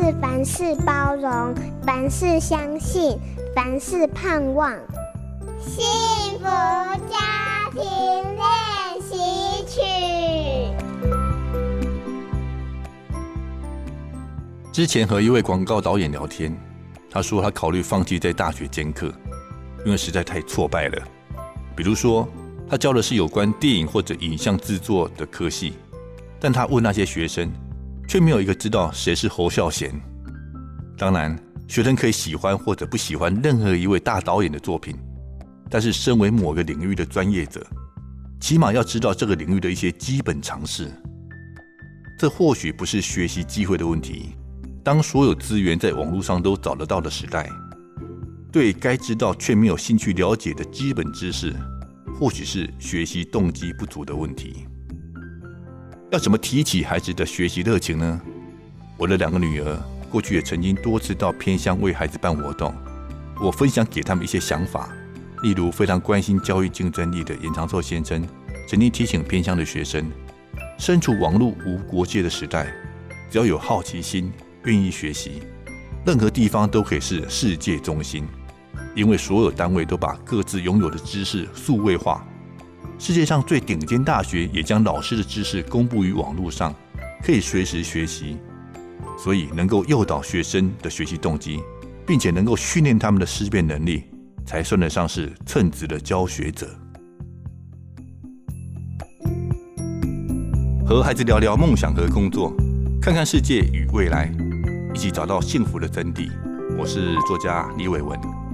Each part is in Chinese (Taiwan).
是凡事包容，凡事相信，凡事盼望。幸福家庭練習曲。之前和一位廣告導演聊天，他說他考慮放棄在大學兼課，因為實在太挫敗了。比如說，他教的是有關電影或者影像製作的科系，但他問那些學生，卻沒有一個知道誰是侯孝賢。當然，學生可以喜歡或者不喜歡任何一位大導演的作品，但是身為某個領域的專業者，起碼要知道這個領域的一些基本常識。這或許不是學習機會的問題，當所有資源在網絡上都找得到的時代，對該知道卻沒有興趣了解的基本知識，或許是學習動機不足的問題。要怎麼提起孩子的學習熱情呢？我的兩個女兒過去也曾經多次到偏鄉為孩子辦活動，我分享給他們一些想法，例如非常關心教育競爭力的嚴長壽先生曾經提醒偏鄉的學生，身處網絡無國界的時代，只要有好奇心、願意學習，任何地方都可以是世界中心，因為所有單位都把各自擁有的知識數位化。世界上最頂尖大學也將老師的知識公布於網絡上，可以隨時學習，所以能夠誘導學生的學習動機，並且能夠訓練他們的思辨能力，才算得上是稱職的教學者。和孩子聊聊夢想和工作，看看世界與未來，一起找到幸福的真諦。我是作家李偉文。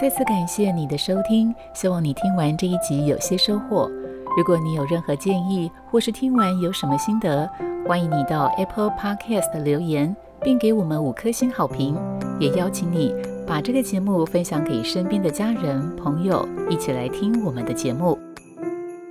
再次感謝你的收聽，希望你聽完這一集有些收穫。如果你有任何建議，或是聽完有什麼心得，歡迎你到 Apple Podcast 留言，並給我們五顆星好評。也邀請你把這個節目分享給身邊的家人、朋友，一起來聽我們的節目。